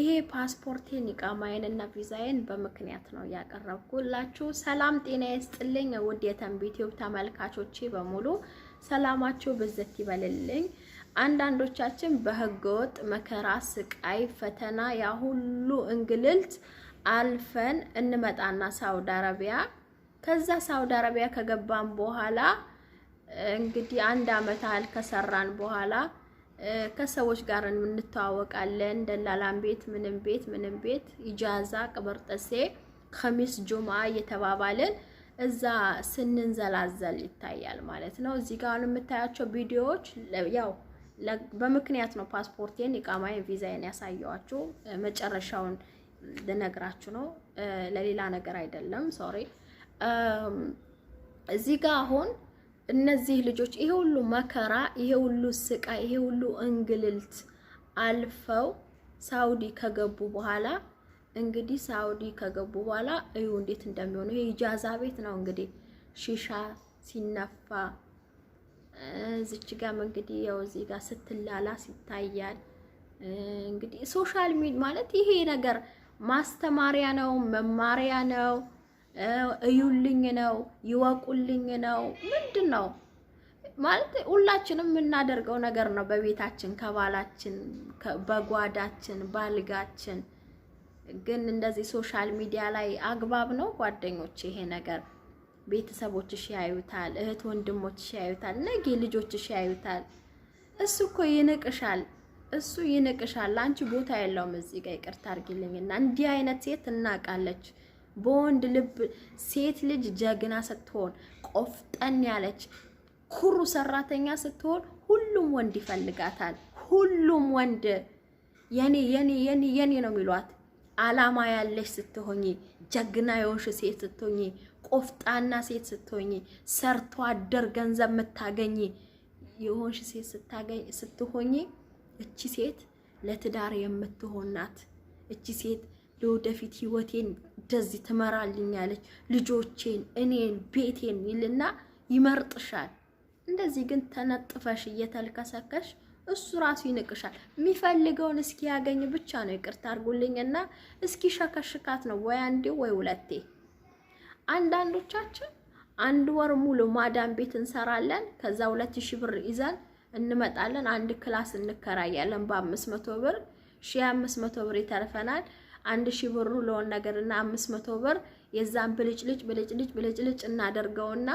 ይሄ ፓስፖርቴን ኢቃማዬን እና ቪዛዬን በምክንያት ነው ያቀረብኩላችሁ። ሰላም ጤና ይስጥልኝ ውድ የተንቢ ዩቲዩብ ተመልካቾቼ በሙሉ ሰላማችሁ ብዝት ይበልልኝ። አንዳንዶቻችን በህገወጥ መከራ፣ ስቃይ፣ ፈተና ያ ሁሉ እንግልልት አልፈን እንመጣና ሳውዲ አረቢያ ከዛ ሳውዲ አረቢያ ከገባን በኋላ እንግዲህ አንድ አመት ያህል ከሰራን በኋላ ከሰዎች ጋር እንተዋወቃለን። ደላላም ቤት፣ ምንም ቤት፣ ምንም ቤት ኢጃዛ፣ ቅብር ጥሴ፣ ከሚስ፣ ጁማ እየተባባልን እዛ ስንንዘላዘል ይታያል ማለት ነው። እዚህ ጋር አሁን የምታያቸው ቪዲዮዎች ያው በምክንያት ነው። ፓስፖርቴን ኢቃማዬን፣ ቪዛዬን ያሳየዋችሁ መጨረሻውን ልነግራችሁ ነው፣ ለሌላ ነገር አይደለም። ሶሪ እዚህ ጋር አሁን እነዚህ ልጆች ይሄ ሁሉ መከራ፣ ይሄ ሁሉ ስቃይ፣ ይሄ ሁሉ እንግልልት አልፈው ሳውዲ ከገቡ በኋላ እንግዲህ ሳውዲ ከገቡ በኋላ እዩ እንዴት እንደሚሆኑ። ይሄ ኢጃዛ ቤት ነው እንግዲህ ሺሻ ሲነፋ እዚች ጋም እንግዲህ ያው እዚህ ጋር ስትላላ ሲታያል። እንግዲህ ሶሻል ሚዲያ ማለት ይሄ ነገር ማስተማሪያ ነው፣ መማሪያ ነው። እዩልኝ ነው ይወቁልኝ ነው ምንድን ነው ማለት ሁላችንም የምናደርገው ነገር ነው። በቤታችን ከባላችን፣ በጓዳችን፣ ባልጋችን ግን እንደዚህ ሶሻል ሚዲያ ላይ አግባብ ነው ጓደኞች? ይሄ ነገር ቤተሰቦችሽ ያዩታል፣ እህት ወንድሞችሽ ያዩታል፣ ነገ ልጆችሽ ያዩታል። እሱ እኮ ይንቅሻል፣ እሱ ይንቅሻል። አንቺ ቦታ የለውም እዚህ ጋር ይቅርታ አድርጊልኝና እንዲህ አይነት ሴት እናቃለች በወንድ ልብ ሴት ልጅ ጀግና ስትሆን ቆፍጠን ያለች ኩሩ ሰራተኛ ስትሆን ሁሉም ወንድ ይፈልጋታል። ሁሉም ወንድ የኔ የኔ የኔ የኔ ነው የሚሏት። አላማ ያለሽ ስትሆኚ፣ ጀግና የሆንሽ ሴት ስትሆኚ፣ ቆፍጣና ሴት ስትሆኚ፣ ሰርቶ አደር ገንዘብ የምታገኝ የሆንሽ ሴት ስታገኝ ስትሆኚ፣ እቺ ሴት ለትዳር የምትሆናት እቺ ሴት ለወደፊት ህይወቴን እንደዚህ ትመራልኛለች ልጆቼን፣ እኔን፣ ቤቴን ይልና ይመርጥሻል። እንደዚህ ግን ተነጥፈሽ እየተልከሰከሽ እሱ ራሱ ይንቅሻል። የሚፈልገውን እስኪ ያገኝ ብቻ ነው። ይቅርታ አድርጉልኝና እስኪ ሸከሽካት ነው ወይ አንዴ ወይ ሁለቴ። አንዳንዶቻችን አንድ ወር ሙሉ ማዳም ቤት እንሰራለን። ከዛ ሁለት ሺህ ብር ይዘን እንመጣለን። አንድ ክላስ እንከራያለን በአምስት መቶ ብር ሺህ አምስት መቶ ብር ይተርፈናል። አንድ ሺ ብሩ ለሆን ነገርና አምስት መቶ ብር የዛን ብልጭልጭ ብልጭልጭ ብልጭልጭ እናደርገውና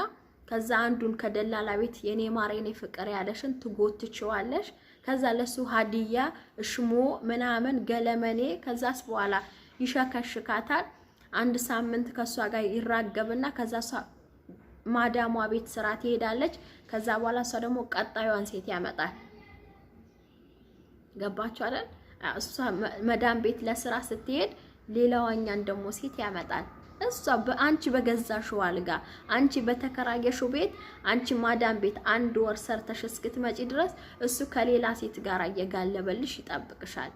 ከዛ አንዱን ከደላላ ቤት የኔ ማር የኔ ፍቅር ያለሽን ትጎትችዋለሽ። ከዛ ለሱ ሀዲያ እሽሞ ምናምን ገለመኔ። ከዛስ በኋላ ይሸከሽካታል። አንድ ሳምንት ከሷ ጋር ይራገብና ከዛ እሷ ማዳሟ ቤት ስራ ትሄዳለች። ከዛ በኋላ እሷ ደግሞ ቀጣዩዋን ሴት ያመጣል። ገባችሁ አይደል? እሷ መዳም ቤት ለስራ ስትሄድ ሌላዋኛን ደግሞ ሴት ያመጣል። እሷ በአንቺ በገዛሽው አልጋ አንቺ በተከራየሽው ቤት አንቺ ማዳም ቤት አንድ ወር ሰርተሽ እስክትመጪ ድረስ እሱ ከሌላ ሴት ጋር እየጋለበልሽ ይጠብቅሻል።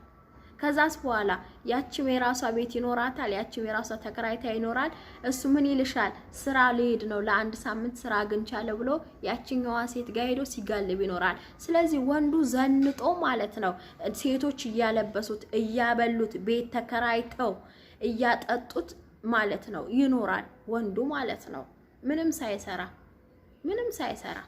ከዛስ በኋላ ያችም የራሷ ቤት ይኖራታል፣ ያችም የራሷ ተከራይታ ይኖራል። እሱ ምን ይልሻል? ስራ ልሄድ ነው ለአንድ ሳምንት ስራ አግኝቻለሁ ብሎ ያችኛዋ ሴት ጋር ሄዶ ሲጋልብ ይኖራል። ስለዚህ ወንዱ ዘንጦ ማለት ነው ሴቶች እያለበሱት እያበሉት ቤት ተከራይተው እያጠጡት ማለት ነው ይኖራል ወንዱ ማለት ነው ምንም ሳይሰራ ምንም ሳይሰራ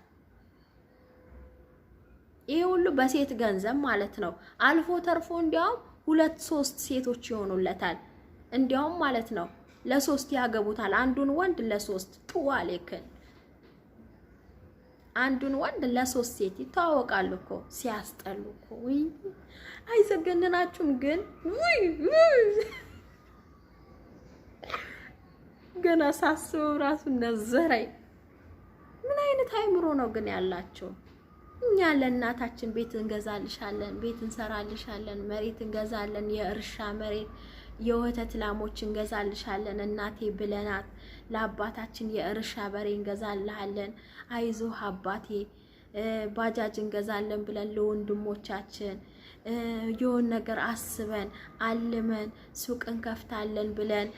ይሄ ሁሉ በሴት ገንዘብ ማለት ነው አልፎ ተርፎ እንዲያውም ሁለት ሶስት ሴቶች ይሆኑለታል። እንዲያውም ማለት ነው ለሶስት ያገቡታል። አንዱን ወንድ ለሶስት ጥዋሌክን አንዱን ወንድ ለሶስት ሴት ይተዋወቃሉ እኮ ሲያስጠሉ እኮ አይዘገንናችሁም? ግን ገና ሳስበው ራሱ ነዘረኝ። ምን አይነት አይምሮ ነው ግን ያላችሁ? እኛ ለእናታችን ቤት እንገዛልሻለን፣ ቤት እንሰራልሻለን፣ መሬት እንገዛለን፣ የእርሻ መሬት የወተት ላሞች እንገዛልሻለን እናቴ ብለናት፣ ለአባታችን የእርሻ በሬ እንገዛልሃለን፣ አይዞህ አባቴ፣ ባጃጅ እንገዛለን ብለን ለወንድሞቻችን የሆን ነገር አስበን አልመን ሱቅ እንከፍታለን ብለን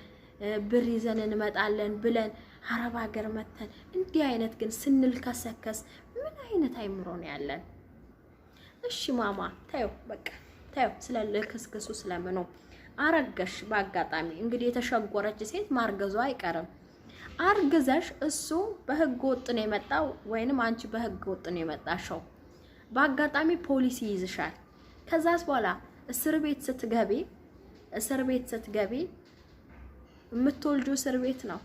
ብር ይዘን እንመጣለን ብለን አረብ ሀገር መተን እንዲህ አይነት ግን ስንልከሰከስ ምን አይነት አይምሮ ነው ያለን? እሺ ማማ ታዩ፣ በቃ ታዩ፣ ስለ ልክስክሱ ስለምኑ አረገሽ። በአጋጣሚ እንግዲህ የተሸጎረች ሴት ማርገዙ አይቀርም። አርግዘሽ እሱ በህገ ወጥ ነው የመጣው ወይንም አንቺ በህገ ወጥ ነው የመጣሽው። በአጋጣሚ ፖሊስ ይይዝሻል። ከዛስ በኋላ እስር ቤት ስትገቢ እስር ቤት ስትገቢ የምትወልጁ እስር ቤት ነው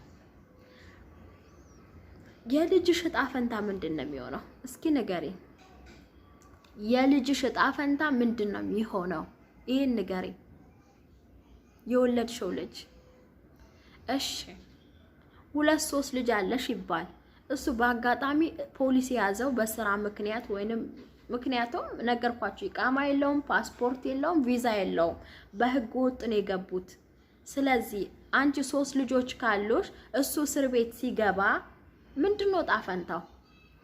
የልጅሽ እጣ ፈንታ ምንድን ነው የሚሆነው? እስኪ ንገሪኝ። የልጅሽ እጣ ፈንታ ምንድን ነው የሚሆነው? ይሄን ንገሪኝ። የወለድሽው ልጅ እሺ፣ ሁለት ሶስት ልጅ አለሽ ይባል። እሱ በአጋጣሚ ፖሊስ የያዘው በስራ ምክንያት ወይንም ምክንያቱም ነገርኳችሁ፣ ይቃማ የለውም፣ ፓስፖርት የለውም፣ ቪዛ የለውም። በህገ ወጥ ነው የገቡት። ስለዚህ አንቺ ሶስት ልጆች ካሉሽ እሱ እስር ቤት ሲገባ ምንድን ነው ጣፈንታው?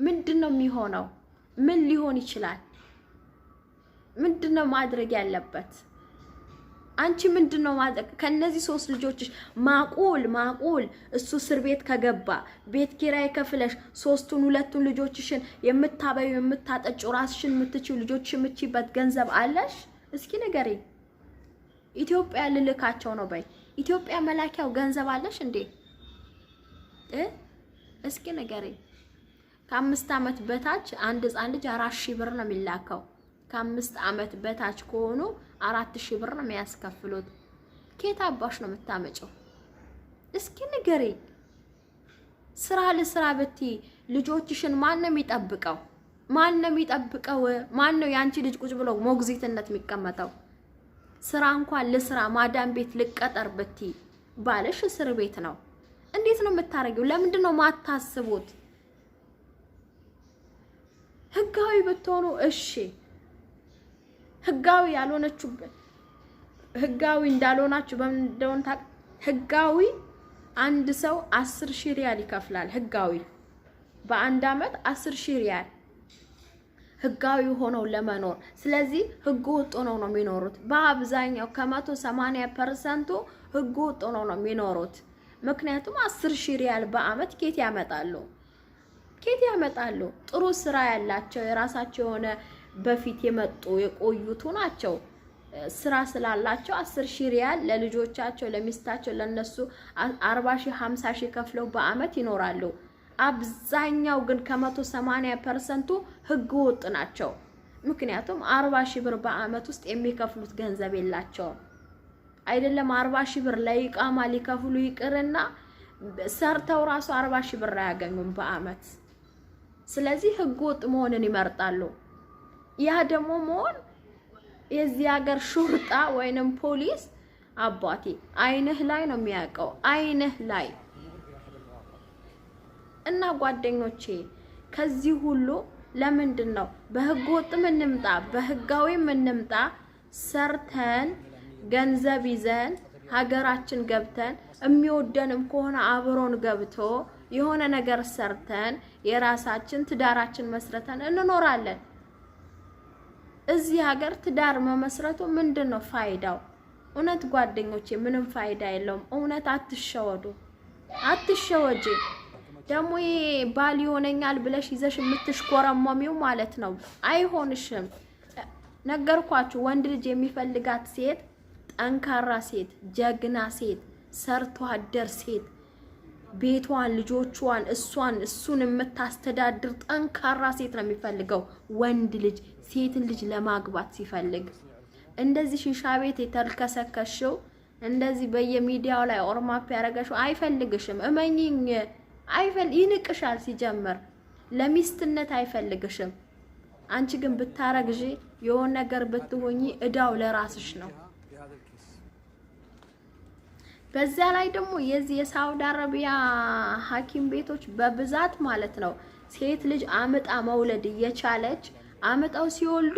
ምንድን ነው የሚሆነው? ምን ሊሆን ይችላል? ምንድን ነው ማድረግ ያለበት? አንቺ ምንድን ነው ማድረግ ከነዚህ ሶስት ልጆችሽ? ማቁል ማቁል እሱ እስር ቤት ከገባ ቤት ኪራይ ከፍለሽ ሶስቱን ሁለቱን ልጆችሽን የምታበዩ የምታጠጪው ራስሽን የምትችው ልጆችሽ የምችበት ገንዘብ አለሽ? እስኪ ንገሪኝ። ኢትዮጵያ ልልካቸው ነው በይ። ኢትዮጵያ መላኪያው ገንዘብ አለሽ እንዴ? እስኪ ነገሬ ከአምስት ዓመት በታች አንድ ህፃን ልጅ አራት ሺህ ብር ነው የሚላከው። ከአምስት ዓመት በታች ከሆኑ አራት ሺህ ብር ነው የሚያስከፍሉት። ኬት አባሽ ነው የምታመጨው? እስኪ ንገሪ። ስራ ለስራ ብቲ ልጆችሽን ማን ነው የሚጠብቀው? ማን ነው የሚጠብቀው? ማን ነው የአንቺ ልጅ ቁጭ ብሎ ሞግዚትነት የሚቀመጠው? ስራ እንኳን ለስራ ማዳን ቤት ልቀጠር ብቲ ባለሽ እስር ቤት ነው። እንዴት ነው የምታረጊው? ለምንድን ነው ማታስቡት? ህጋዊ ብትሆኑ እሺ፣ ህጋዊ ያልሆነችሁ ህጋዊ እንዳልሆናችሁ በምን እንደሆነ ህጋዊ አንድ ሰው አስር ሺህ ሪያል ይከፍላል። ህጋዊ በአንድ አመት አስር ሺህ ሪያል ህጋዊ ሆነው ለመኖር ስለዚህ ህገ ወጥ ሆነው ነው የሚኖሩት። በአብዛኛው ከመቶ ሰማንያ ፐርሰንቱ ህገ ወጥ ሆነው ነው የሚኖሩት። ምክንያቱም አስር ሺህ ሪያል በአመት ኬት ያመጣሉ ኬት ያመጣሉ። ጥሩ ስራ ያላቸው የራሳቸው የሆነ በፊት የመጡ የቆዩቱ ናቸው። ስራ ስላላቸው አስር ሺህ ሪያል ለልጆቻቸው ለሚስታቸው ለነሱ አርባ ሺህ ሀምሳ ሺህ ከፍለው በአመት ይኖራሉ። አብዛኛው ግን ከመቶ ሰማንያ ፐርሰንቱ ህገ ወጥ ናቸው። ምክንያቱም አርባ ሺህ ብር በአመት ውስጥ የሚከፍሉት ገንዘብ የላቸውም። አይደለም አርባ ሺህ ብር ለኢቃማ ሊከፍሉ ይቅርና ሰርተው ራሱ አርባ ሺህ ብር አያገኙም በአመት። ስለዚህ ህገ ወጥ መሆንን ይመርጣሉ። ያ ደግሞ መሆን የዚህ ሀገር ሹርጣ ወይንም ፖሊስ አባቴ አይንህ ላይ ነው የሚያውቀው፣ አይንህ ላይ እና ጓደኞቼ ከዚህ ሁሉ ለምንድን ነው በህገ ወጥ ምንምጣ በህጋዊ ምንምጣ ሰርተን ገንዘብ ይዘን ሀገራችን ገብተን የሚወደንም ከሆነ አብሮን ገብቶ የሆነ ነገር ሰርተን የራሳችን ትዳራችን መስረተን እንኖራለን። እዚህ ሀገር ትዳር መመስረቱ ምንድን ነው ፋይዳው? እውነት ጓደኞቼ ምንም ፋይዳ የለውም። እውነት አትሸወዱ፣ አትሸወጂ። ደግሞ ይሄ ባል ይሆነኛል ብለሽ ይዘሽ የምትሽኮረመሚው ማለት ነው፣ አይሆንሽም። ነገርኳችሁ፣ ወንድ ልጅ የሚፈልጋት ሴት ጠንካራ ሴት፣ ጀግና ሴት፣ ሰርቶ አደር ሴት ቤቷን፣ ልጆቿን፣ እሷን እሱን የምታስተዳድር ጠንካራ ሴት ነው የሚፈልገው ወንድ ልጅ ሴትን ልጅ ለማግባት ሲፈልግ። እንደዚህ ሽሻ ቤት የተልከሰከሽው እንደዚህ በየሚዲያው ላይ ኦርማፕ ያደረገሽው አይፈልግሽም። እመኝኝ አይፈል ይንቅሻል። ሲጀምር ለሚስትነት አይፈልግሽም። አንቺ ግን ብታረግዥ የሆን ነገር ብትሆኚ እዳው ለራስሽ ነው። በዛ ላይ ደግሞ የዚህ የሳውዲ አረቢያ ሐኪም ቤቶች በብዛት ማለት ነው ሴት ልጅ አምጣ መውለድ እየቻለች አምጠው ሲወልዱ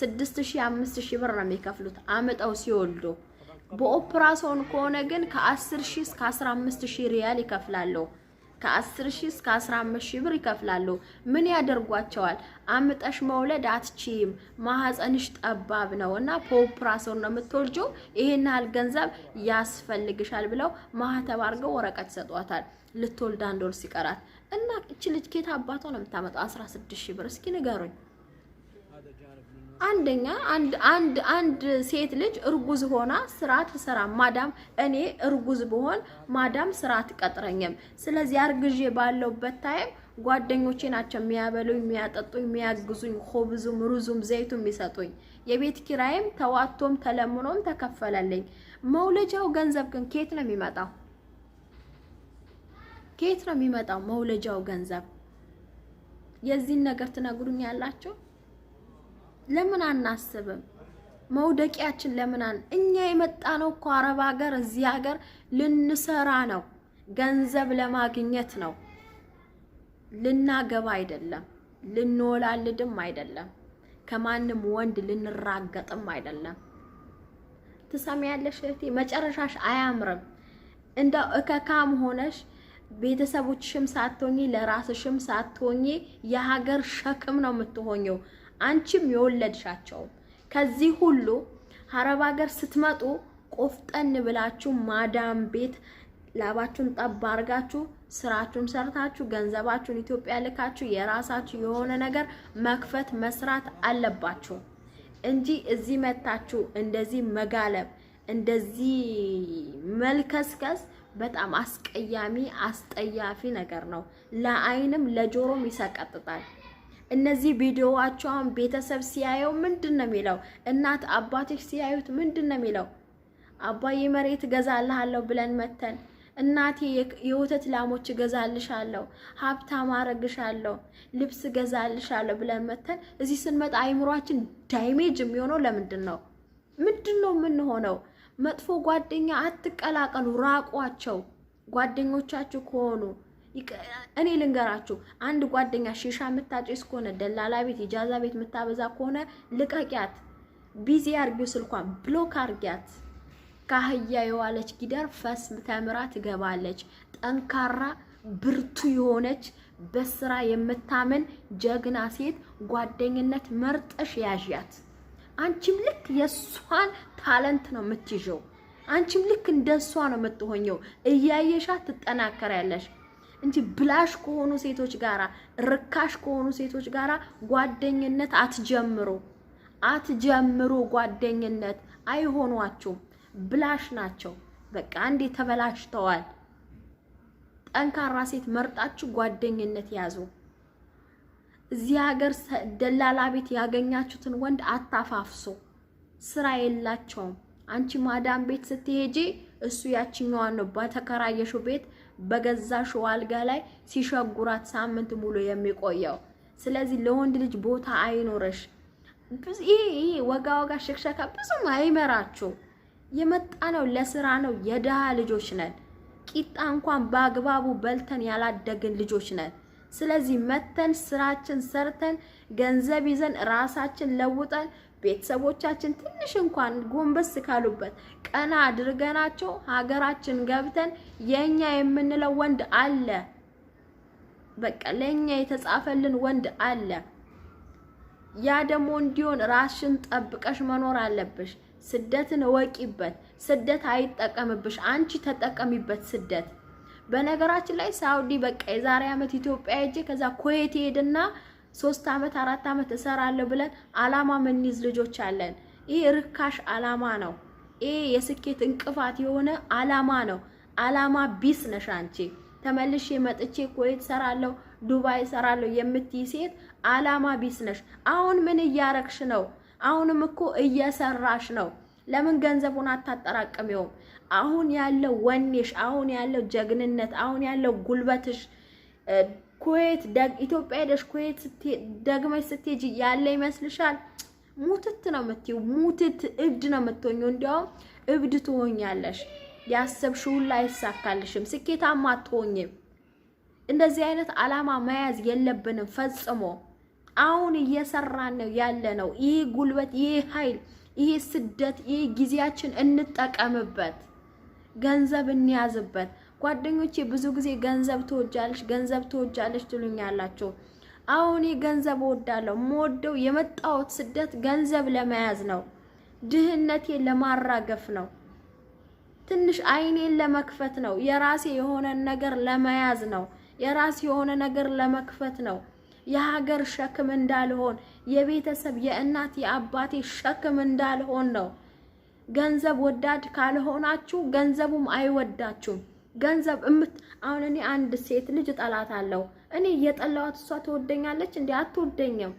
6000 5000 ብር ነው የሚከፍሉት አምጠው ሲወልዱ። በኦፕራሶን ከሆነ ግን ከ10000 እስከ 15000 ሪያል ይከፍላሉ። ከአስር ሺህ እስከ 15 ሺህ ብር ይከፍላሉ። ምን ያደርጓቸዋል? አምጠሽ መውለድ አትችይም፣ ማህፀንሽ ጠባብ ነው እና ፖፕራሶን ነው የምትወልጆ፣ ይሄን ያህል ገንዘብ ያስፈልግሻል ብለው ማህተብ አድርገው ወረቀት ይሰጧታል። ልትወልድ አንድ ወር ሲቀራት እና እቺ ልጅ ኬት አባቷ ነው የምታመጣው? 16 ሺህ ብር እስኪ ንገሩኝ። አንደኛ አንድ አንድ አንድ ሴት ልጅ እርጉዝ ሆና ስራ ትሰራ። ማዳም እኔ እርጉዝ ብሆን ማዳም ስራ አትቀጥረኝም። ስለዚህ አርግዤ ባለውበት ታይም ጓደኞቼ ናቸው የሚያበሉኝ፣ የሚያጠጡኝ፣ የሚያግዙኝ፣ ሆብዙም፣ ሩዙም፣ ዘይቱም የሚሰጡኝ። የቤት ኪራይም ተዋቶም ተለምኖም ተከፈለልኝ። መውለጃው ገንዘብ ግን ኬት ነው የሚመጣው? ኬት ነው የሚመጣው መውለጃው ገንዘብ? የዚህን ነገር ትነግሩኝ ያላችሁ ለምን አናስብም? መውደቂያችን ለምን አን እኛ የመጣ ነው እኮ አረብ ሀገር፣ እዚህ ሀገር ልንሰራ ነው፣ ገንዘብ ለማግኘት ነው። ልናገባ አይደለም፣ ልንወላልድም አይደለም፣ ከማንም ወንድ ልንራገጥም አይደለም። ትሰሚያለሽ እህቴ፣ መጨረሻሽ አያምርም። እንደው እከካም ሆነሽ ቤተሰቦችሽም ሳትሆኚ ለራስሽም ሳትሆኚ የሀገር ሸክም ነው የምትሆኘው። አንቺም የወለድሻቸውም። ከዚህ ሁሉ አረብ ሀገር ስትመጡ ቆፍጠን ብላችሁ ማዳም ቤት ላባችሁን ጠብ አድርጋችሁ ስራችሁን ሰርታችሁ ገንዘባችሁን ኢትዮጵያ ልካችሁ የራሳችሁ የሆነ ነገር መክፈት መስራት አለባችሁ እንጂ እዚህ መታችሁ እንደዚህ መጋለብ እንደዚህ መልከስከስ በጣም አስቀያሚ አስጠያፊ ነገር ነው። ለአይንም ለጆሮም ይሰቀጥጣል። እነዚህ ቪዲዮዋቸውን ቤተሰብ ሲያየው ምንድን ነው የሚለው? እናት አባቶች ሲያዩት ምንድን ነው የሚለው? አባዬ መሬት እገዛልሃለሁ ብለን መተን እናቴ የወተት ላሞች እገዛልሻለሁ፣ ሀብታም አረግሻለሁ፣ ልብስ እገዛልሻለሁ ብለን መተን እዚህ ስንመጣ አይምሯችን ዳይሜጅ የሚሆነው ለምንድን ነው? ምንድን ነው የምንሆነው? መጥፎ ጓደኛ አትቀላቀሉ፣ ራቋቸው ጓደኞቻችሁ ከሆኑ እኔ ልንገራችሁ፣ አንድ ጓደኛ ሺሻ የምታጭስ ከሆነ ደላላ ቤት፣ ጃዛ ቤት የምታበዛ ከሆነ ልቀቂያት፣ ቢዚ አርጊው፣ ስልኳን ብሎክ አርጊያት። ካህያ የዋለች ጊደር ፈስ ተምራ ትገባለች። ጠንካራ ብርቱ የሆነች በስራ የምታምን ጀግና ሴት ጓደኝነት መርጠሽ ያዣት። አንቺም ልክ የእሷን ታለንት ነው የምትይዘው። አንቺም ልክ እንደሷ ነው የምትሆኘው። እያየሻት ትጠናከሪያለሽ። እንጂ ብላሽ ከሆኑ ሴቶች ጋራ ርካሽ ከሆኑ ሴቶች ጋራ ጓደኝነት አትጀምሩ፣ አትጀምሩ ጓደኝነት አይሆኗችሁም። ብላሽ ናቸው። በቃ አንዴ ተበላሽተዋል። ጠንካራ ሴት መርጣችሁ ጓደኝነት ያዙ። እዚህ ሀገር ደላላ ቤት ያገኛችሁትን ወንድ አታፋፍሶ ስራ የላቸውም። አንቺ ማዳም ቤት ስትሄጂ እሱ ያችኛዋን ነው በተከራየሽው ቤት በገዛሽው አልጋ ላይ ሲሸጉራት ሳምንት ሙሉ የሚቆየው። ስለዚህ ለወንድ ልጅ ቦታ አይኖረሽ። ይሄ ወጋ ወጋ ሽክሸካ ብዙም አይመራችሁ። የመጣ ነው ለስራ ነው። የድሃ ልጆች ነን። ቂጣ እንኳን በአግባቡ በልተን ያላደግን ልጆች ነን። ስለዚህ መተን ስራችን ሰርተን ገንዘብ ይዘን ራሳችን ለውጠን ቤተሰቦቻችን ትንሽ እንኳን ጎንበስ ካሉበት ቀና አድርገናቸው ሀገራችን ገብተን የኛ የምንለው ወንድ አለ። በቃ ለኛ የተጻፈልን ወንድ አለ። ያ ደግሞ እንዲሆን ራስሽን ጠብቀሽ መኖር አለብሽ። ስደትን እወቂበት። ስደት አይጠቀምብሽ፣ አንቺ ተጠቀሚበት ስደት። በነገራችን ላይ ሳውዲ በቃ የዛሬ ዓመት ኢትዮጵያ ሄጄ ከዛ ኩዌት ሄድና ሶስት አመት አራት አመት እሰራለሁ ብለን አላማ ምንይዝ ልጆች አለን። ይሄ ርካሽ አላማ ነው። ይሄ የስኬት እንቅፋት የሆነ አላማ ነው። አላማ ቢስ ነሽ አንቺ። ተመልሼ መጥቼ ኩዌት እሰራለሁ፣ ዱባይ እሰራለሁ የምትይ ሴት አላማ ቢስ ነሽ። አሁን ምን እያረግሽ ነው? አሁንም እኮ እየሰራሽ ነው። ለምን ገንዘቡን አታጠራቅሚውም? አሁን ያለው ወኔሽ፣ አሁን ያለው ጀግንነት፣ አሁን ያለው ጉልበትሽ ኩዌት ኢትዮጵያ ሄደሽ ኩዌት ደግመሽ ስትሄጂ ያለ ይመስልሻል? ሙትት ነው የምትይው። ሙትት እብድ ነው የምትሆኝው። እንዲያውም እብድ ትሆኛለሽ። ያሰብሽው ሁሉ አይሳካልሽም። ስኬታማ አትሆኝም። እንደዚህ አይነት አላማ መያዝ የለብንም ፈጽሞ። አሁን እየሰራን ነው ያለ ነው። ይህ ጉልበት፣ ይህ ኃይል፣ ይህ ስደት፣ ይህ ጊዜያችን እንጠቀምበት፣ ገንዘብ እንያዝበት። ጓደኞቼ ብዙ ጊዜ ገንዘብ ትወጃለች ገንዘብ ትወጃለሽ ትሉኛላችሁ። አሁን ገንዘብ እወዳለሁ። የምወደው የመጣሁት ስደት ገንዘብ ለመያዝ ነው። ድህነቴን ለማራገፍ ነው። ትንሽ አይኔን ለመክፈት ነው። የራሴ የሆነ ነገር ለመያዝ ነው። የራሴ የሆነ ነገር ለመክፈት ነው። የሀገር ሸክም እንዳልሆን፣ የቤተሰብ የእናት የአባቴ ሸክም እንዳልሆን ነው። ገንዘብ ወዳድ ካልሆናችሁ ገንዘቡም አይወዳችሁም። ገንዘብ እምት አሁን እኔ አንድ ሴት ልጅ ጠላት አለው። እኔ የጠላዋት እሷ ትወደኛለች እንዴ? አትወደኝም።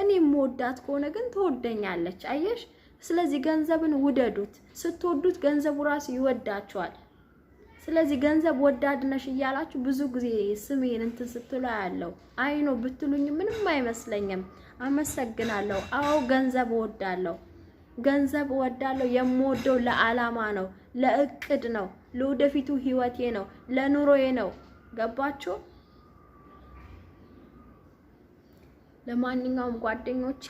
እኔ የምወዳት ከሆነ ግን ትወደኛለች። አየሽ? ስለዚህ ገንዘብን ውደዱት። ስትወዱት ገንዘቡ ራሱ ይወዳቸዋል። ስለዚህ ገንዘብ ወዳድ ነሽ እያላችሁ ብዙ ጊዜ ስሜን እንትን ስትሉ ያለው አይኖ ብትሉኝ ምንም አይመስለኝም። አመሰግናለሁ። አዎ ገንዘብ እወዳለሁ። ገንዘብ እወዳለሁ። የምወደው ለዓላማ ነው፣ ለእቅድ ነው፣ ለወደፊቱ ህይወቴ ነው፣ ለኑሮዬ ነው። ገባችሁ? ለማንኛውም ጓደኞቼ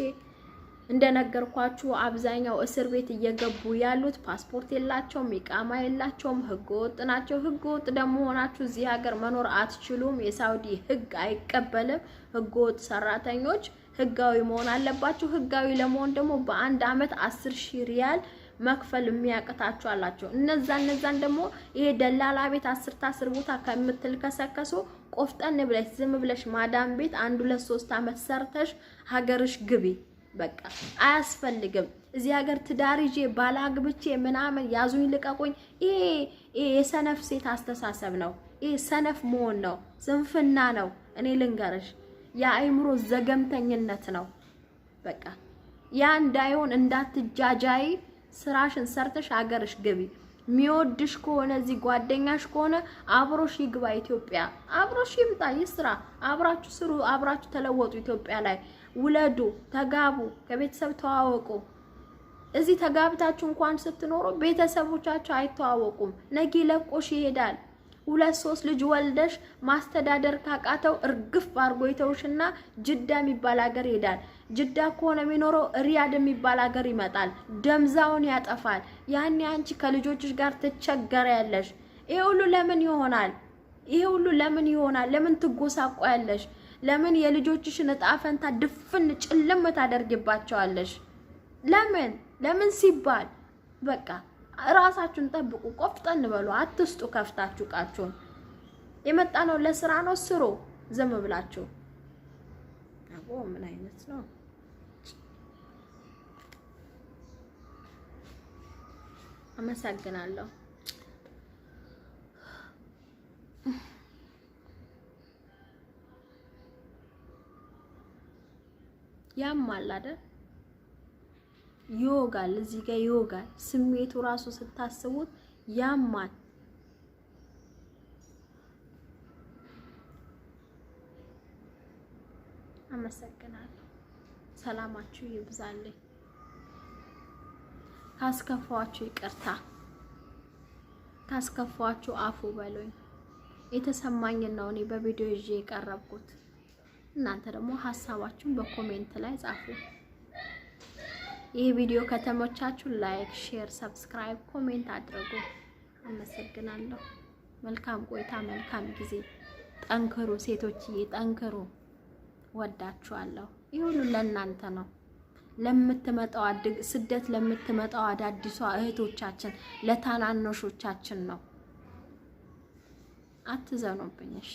እንደነገርኳችሁ አብዛኛው እስር ቤት እየገቡ ያሉት ፓስፖርት የላቸውም፣ ኢቃማ የላቸውም፣ ህገ ወጥ ናቸው። ህገ ወጥ ደግሞ ሆናችሁ እዚህ ሀገር መኖር አትችሉም። የሳውዲ ህግ አይቀበልም ህገ ወጥ ሰራተኞች ህጋዊ መሆን አለባችሁ። ህጋዊ ለመሆን ደግሞ በአንድ አመት አስር ሺህ ሪያል መክፈል የሚያቅታችሁ አላቸው። እነዛ እነዛን ደግሞ ይሄ ደላላ ቤት አስር ታስር ቦታ ከምትልከሰከሱ ቆፍጠን ብለሽ ዝም ብለሽ ማዳም ቤት አንድ ሁለት ሶስት አመት ሰርተሽ ሀገርሽ ግቢ። በቃ አያስፈልግም። እዚህ ሀገር ትዳር ይዤ ባላግብቼ ምናምን ያዙኝ ልቀቁኝ፣ ይሄ ይሄ የሰነፍ ሴት አስተሳሰብ ነው። ይሄ ሰነፍ መሆን ነው፣ ስንፍና ነው። እኔ ልንገርሽ የአእምሮ ዘገምተኝነት ነው። በቃ ያ እንዳይሆን እንዳትጃጃይ ስራሽን ሰርተሽ አገርሽ ግቢ። የሚወድሽ ከሆነ እዚህ ጓደኛሽ ከሆነ አብሮሽ ይግባ ኢትዮጵያ፣ አብሮሽ ይምጣ፣ ይስራ፣ አብራችሁ ስሩ፣ አብራችሁ ተለወጡ። ኢትዮጵያ ላይ ውለዱ፣ ተጋቡ፣ ከቤተሰብ ተዋወቁ። እዚህ ተጋብታችሁ እንኳን ስትኖሩ ቤተሰቦቻችሁ አይተዋወቁም። ነጊ ለቆሽ ይሄዳል። ሁለት ሶስት ልጅ ወልደሽ ማስተዳደር ካቃተው እርግፍ አድርጎ ይተውሽና ጅዳ የሚባል ሀገር ይሄዳል። ጅዳ ከሆነ የሚኖረው ሪያድ የሚባል ሀገር ይመጣል። ደምዛውን ያጠፋል። ያኔ አንቺ ከልጆችሽ ጋር ትቸገሪያለሽ። ይሄ ሁሉ ለምን ይሆናል? ይሄ ሁሉ ለምን ይሆናል? ለምን ትጎሳቆያለሽ? ለምን የልጆችሽን እጣ ፈንታ ድፍን ጭልም ታደርግባቸዋለሽ? ለምን ለምን ሲባል በቃ ራሳችሁን ጠብቁ፣ ቆፍጠን በሉ፣ አትስጡ ከፍታችሁ እቃችሁን። የመጣ ነው ለስራ ነው፣ ስሩ ዝም ብላችሁ። አቦ ምን አይነት ነው? አመሰግናለሁ። ያም አለ አይደል ይወጋል፣ እዚህ ጋር ይወጋል። ስሜቱ ራሱ ስታስቡት ያማል። አመሰግናለሁ። ሰላማችሁ ይብዛልኝ። ካስከፋችሁ ይቅርታ፣ ካስከፋችሁ አፉ በሉኝ። የተሰማኝን ነው እኔ በቪዲዮ ይዤ የቀረብኩት። እናንተ ደግሞ ሀሳባችሁን በኮሜንት ላይ ጻፉ። ይህ ቪዲዮ ከተመቻችሁ ላይክ፣ ሼር፣ ሰብስክራይብ፣ ኮሜንት አድርጉ። አመሰግናለሁ። መልካም ቆይታ፣ መልካም ጊዜ። ጠንክሩ ሴቶችዬ፣ ጠንክሩ። ወዳችኋለሁ። ይህ ሁሉ ለእናንተ ነው። ለምትመጣው ስደት ለምትመጣው አዳዲሷ እህቶቻችን ለታናናሾቻችን ነው። አትዘኑብኝ፣ እሺ።